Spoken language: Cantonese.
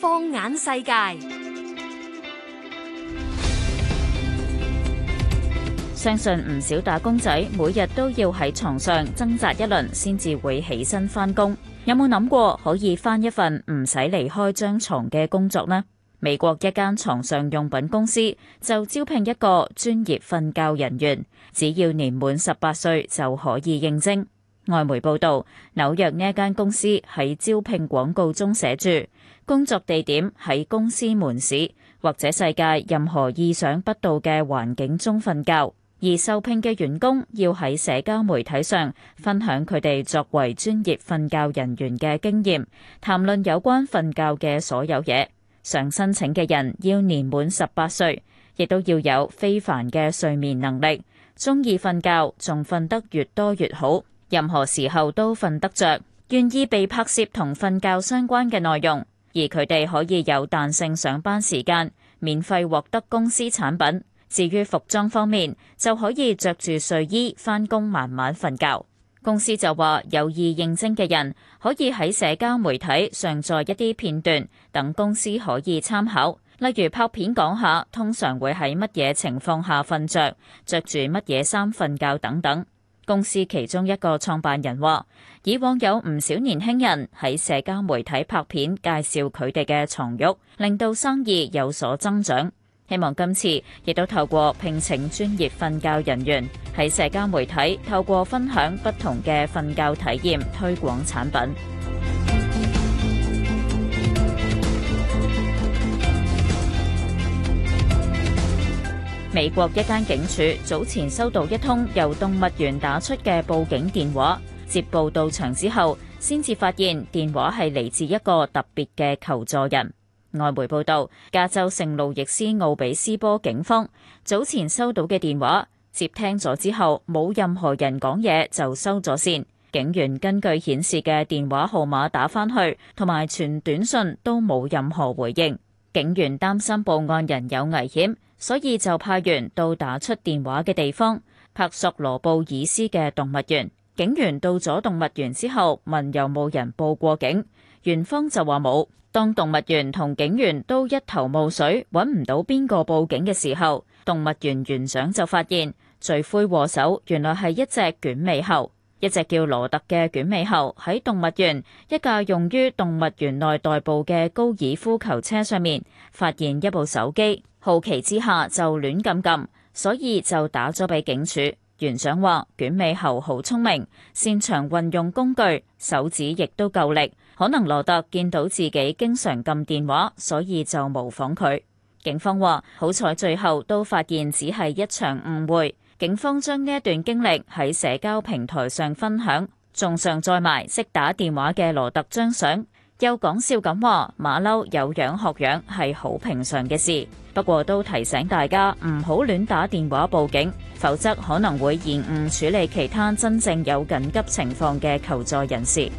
放眼世界，相信唔少打工仔每日都要喺床上掙扎一輪，先至會起身翻工。有冇諗過可以翻一份唔使離開張床嘅工作呢？美國一間床上用品公司就招聘一個專業瞓覺人員，只要年滿十八歲就可以應徵。外媒報道，紐約呢一間公司喺招聘廣告中寫住，工作地點喺公司門市或者世界任何意想不到嘅環境中瞓覺，而受聘嘅員工要喺社交媒體上分享佢哋作為專業瞓覺人員嘅經驗，談論有關瞓覺嘅所有嘢。常申請嘅人要年滿十八歲，亦都要有非凡嘅睡眠能力，中意瞓覺，仲瞓得越多越好。任何時候都瞓得着，願意被拍攝同瞓覺相關嘅內容，而佢哋可以有彈性上班時間，免費獲得公司產品。至於服裝方面，就可以着住睡衣返工，慢慢瞓覺。公司就話有意應徵嘅人可以喺社交媒體上載一啲片段，等公司可以參考。例如拍片講下通常會喺乜嘢情況下瞓着，着住乜嘢衫瞓覺等等。公司其中一個創辦人話：以往有唔少年輕人喺社交媒體拍片介紹佢哋嘅床褥，令到生意有所增長。希望今次亦都透過聘請專業瞓覺人員喺社交媒體，透過分享不同嘅瞓覺體驗，推廣產品。美國一間警署早前收到一通由動物園打出嘅報警電話，接報到場之後，先至發現電話係嚟自一個特別嘅求助人。外媒報道，加州聖路易斯奧比斯波警方早前收到嘅電話，接聽咗之後冇任何人講嘢，就收咗線。警員根據顯示嘅電話號碼打返去，同埋傳短信都冇任何回應。警員擔心報案人有危險。所以就派員到打出電話嘅地方，拍索羅布爾斯嘅動物園。警員到咗動物園之後，問有冇人報過警，園方就話冇。當動物園同警員都一頭霧水，揾唔到邊個報警嘅時候，動物園園長就發現罪魁禍首原來係一隻捲尾猴，一隻叫羅特嘅捲尾猴喺動物園一架用於動物園內代步嘅高爾夫球車上面發現一部手機。好奇之下就亂撳撳，所以就打咗俾警署。園長話：卷尾猴好聰明，擅長運用工具，手指亦都夠力。可能羅特見到自己經常撳電話，所以就模仿佢。警方話：好彩最後都發現只係一場誤會。警方將呢一段經歷喺社交平台上分享，仲上載埋識打電話嘅羅特張相。又講笑咁話，馬騮有樣學樣係好平常嘅事。不過都提醒大家唔好亂打電話報警，否則可能會延誤處理其他真正有緊急情況嘅求助人士。